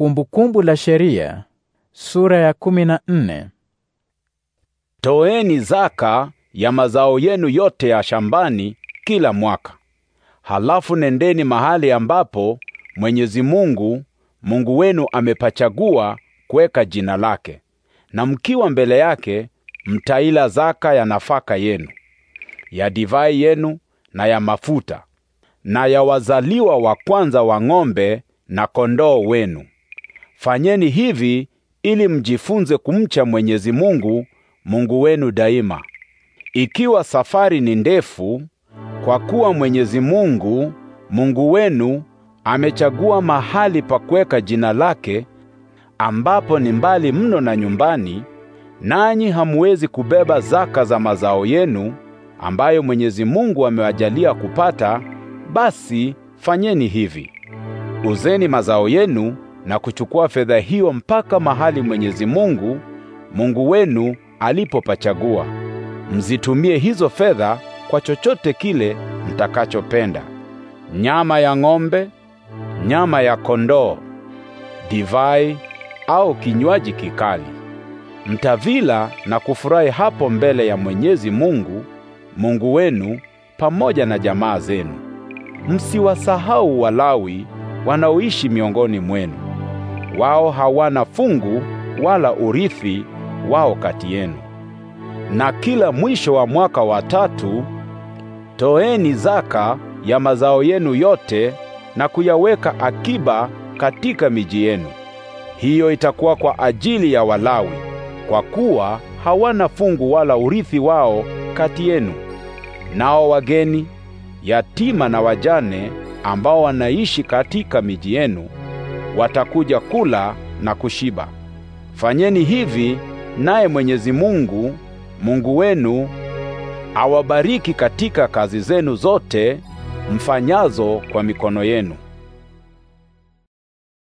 Kumbukumbu la Sheria sura ya 14. Toeni zaka ya mazao yenu yote ya shambani kila mwaka. Halafu nendeni mahali ambapo Mwenyezi Mungu Mungu wenu amepachagua kuweka jina lake, na mkiwa mbele yake mtaila zaka ya nafaka yenu, ya divai yenu na ya mafuta, na ya wazaliwa wa kwanza wa ng'ombe na kondoo wenu. Fanyeni hivi ili mjifunze kumcha Mwenyezi Mungu, Mungu wenu daima, ikiwa safari ni ndefu, kwa kuwa Mwenyezi Mungu, Mungu wenu amechagua mahali pa kuweka jina lake ambapo ni mbali mno na nyumbani, nanyi hamuwezi kubeba zaka za mazao yenu ambayo Mwenyezi Mungu amewajalia kupata, basi fanyeni hivi: uzeni mazao yenu na kuchukua fedha hiyo mpaka mahali Mwenyezi Mungu Mungu wenu alipopachagua. Mzitumie hizo fedha kwa chochote kile mtakachopenda: nyama ya ng'ombe, nyama ya kondoo, divai au kinywaji kikali. Mtavila na kufurahi hapo mbele ya Mwenyezi Mungu Mungu wenu pamoja na jamaa zenu. Msiwasahau Walawi wanaoishi miongoni mwenu wao hawana fungu wala urithi wao kati yenu. Na kila mwisho wa mwaka wa tatu toeni zaka ya mazao yenu yote na kuyaweka akiba katika miji yenu. Hiyo itakuwa kwa ajili ya Walawi, kwa kuwa hawana fungu wala urithi wao kati yenu. Nao wageni, yatima na wajane ambao wanaishi katika miji yenu watakuja kula na kushiba. Fanyeni hivi, naye Mwenyezi Mungu Mungu wenu awabariki katika kazi zenu zote mfanyazo kwa mikono yenu.